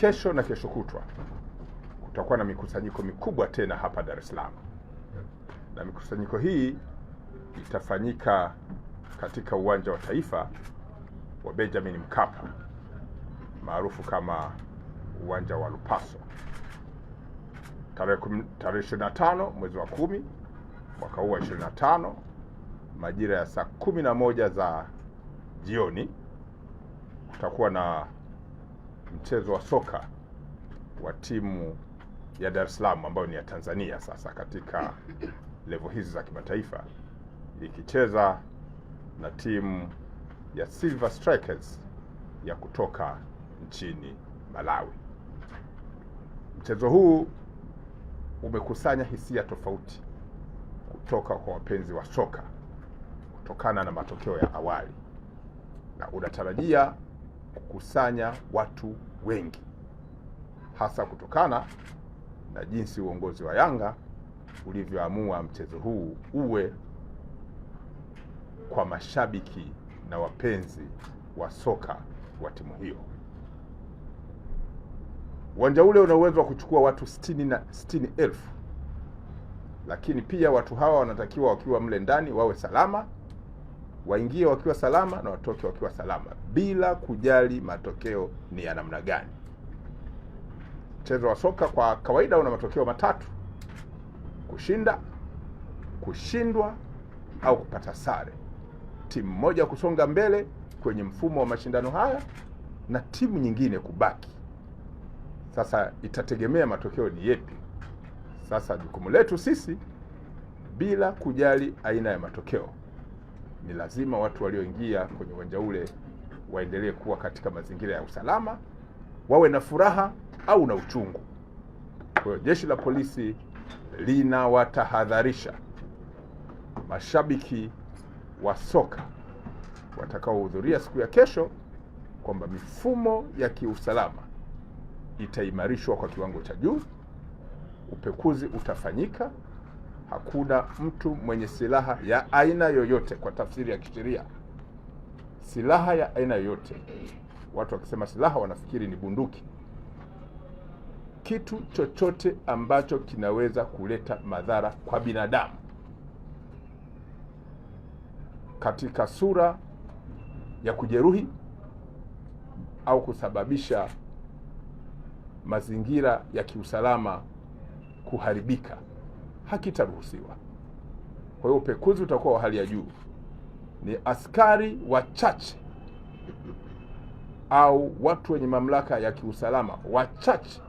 Kesho na kesho kutwa kutakuwa na mikusanyiko mikubwa tena hapa Dar es Salaam, na mikusanyiko hii itafanyika katika uwanja wa taifa wa Benjamin Mkapa maarufu kama uwanja wa Lupaso tarehe 25 mwezi wa kumi mwaka huu wa 25 majira ya saa 11 za jioni kutakuwa na mchezo wa soka wa timu ya Dar es Salaam ambayo ni ya Tanzania sasa katika levo hizi za kimataifa ikicheza na timu ya Silver Strikers ya kutoka nchini Malawi. Mchezo huu umekusanya hisia tofauti kutoka kwa wapenzi wa soka kutokana na matokeo ya awali na unatarajia kukusanya watu wengi, hasa kutokana na jinsi uongozi wa Yanga ulivyoamua mchezo huu uwe kwa mashabiki na wapenzi wa soka wa timu hiyo. Uwanja ule una uwezo wa kuchukua watu sitini na sitini elfu, lakini pia watu hawa wanatakiwa wakiwa mle ndani wawe salama waingie wakiwa salama na watoke wakiwa salama bila kujali matokeo ni ya namna gani. Mchezo wa soka kwa kawaida una matokeo matatu: kushinda, kushindwa au kupata sare. Timu moja kusonga mbele kwenye mfumo wa mashindano haya na timu nyingine kubaki. Sasa itategemea matokeo ni yepi. Sasa jukumu letu sisi bila kujali aina ya matokeo ni lazima watu walioingia kwenye uwanja ule waendelee kuwa katika mazingira ya usalama, wawe na furaha au na uchungu. Kwa hiyo jeshi la polisi linawatahadharisha mashabiki wa soka watakaohudhuria siku ya kesho kwamba mifumo ya kiusalama itaimarishwa kwa kiwango cha juu, upekuzi utafanyika hakuna mtu mwenye silaha ya aina yoyote kwa tafsiri ya kisheria, silaha ya aina yoyote. Watu wakisema silaha wanafikiri ni bunduki. Kitu chochote ambacho kinaweza kuleta madhara kwa binadamu katika sura ya kujeruhi au kusababisha mazingira ya kiusalama kuharibika hakitaruhusiwa. Kwa hiyo upekuzi utakuwa wa hali ya juu, ni askari wachache au watu wenye mamlaka ya kiusalama wachache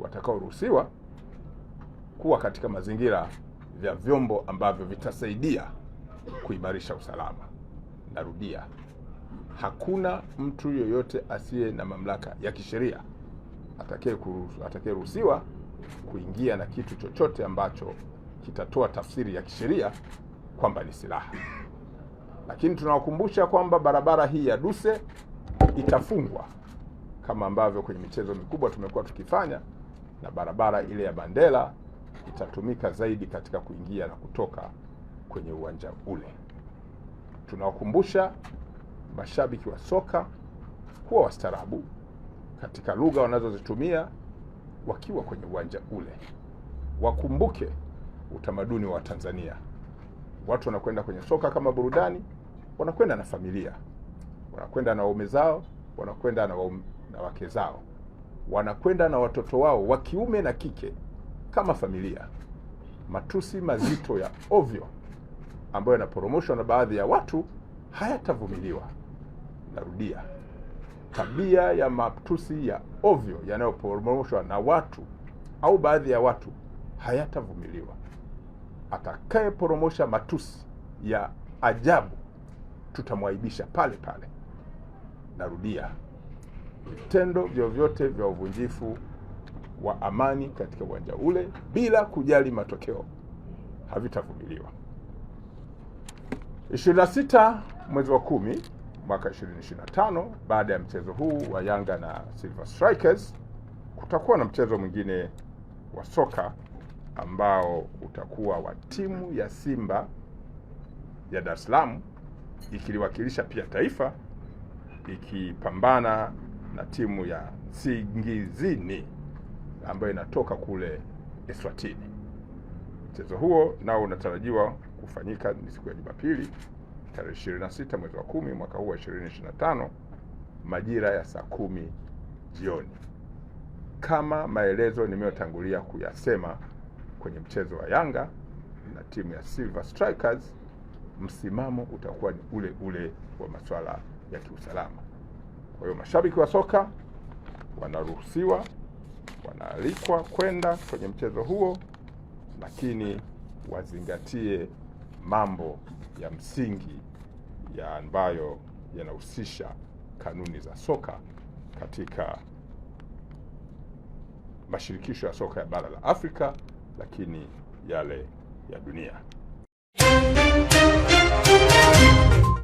watakaoruhusiwa kuwa katika mazingira vya vyombo ambavyo vitasaidia kuimarisha usalama. Narudia, hakuna mtu yoyote asiye na mamlaka ya kisheria atakayeruhusiwa kuingia na kitu chochote ambacho kitatoa tafsiri ya kisheria kwamba ni silaha. Lakini tunawakumbusha kwamba barabara hii ya Duse itafungwa kama ambavyo kwenye michezo mikubwa tumekuwa tukifanya, na barabara ile ya Bandela itatumika zaidi katika kuingia na kutoka kwenye uwanja ule. Tunawakumbusha mashabiki wa soka kuwa wastaarabu katika lugha wanazozitumia wakiwa kwenye uwanja ule wakumbuke utamaduni wa Tanzania. Watu wanakwenda kwenye soka kama burudani, wanakwenda na familia, wanakwenda na waume zao, wanakwenda na, waume, na wake zao, wanakwenda na watoto wao wa kiume na kike kama familia. Matusi mazito ya ovyo ambayo yanaporomoshwa na baadhi ya watu hayatavumiliwa. Narudia tabia ya matusi ya ovyo yanayoporomoshwa na watu au baadhi ya watu hayatavumiliwa. Atakayeporomosha matusi ya ajabu tutamwaibisha pale pale. Narudia, vitendo vyovyote vya uvunjifu wa amani katika uwanja ule bila kujali matokeo havitavumiliwa. 26 mwezi wa kumi mwaka 2025 baada ya mchezo huu wa Yanga na Silver Strikers kutakuwa na mchezo mwingine wa soka ambao utakuwa wa timu ya Simba ya Dar es Salaam ikiliwakilisha pia taifa ikipambana na timu ya Singizini ambayo inatoka kule Eswatini. Mchezo huo nao unatarajiwa kufanyika ni siku ya Jumapili tarehe 26 mwezi wa kumi mwaka huu wa 2025 majira ya saa kumi jioni kama maelezo nimeyotangulia kuyasema kwenye mchezo wa Yanga na timu ya Silver Strikers, msimamo utakuwa ni ule ule wa masuala ya kiusalama. Kwa hiyo mashabiki wa soka wanaruhusiwa, wanaalikwa kwenda kwenye mchezo huo, lakini wazingatie mambo ya msingi ya ambayo yanahusisha kanuni za soka katika mashirikisho ya soka ya bara la Afrika, lakini yale ya dunia.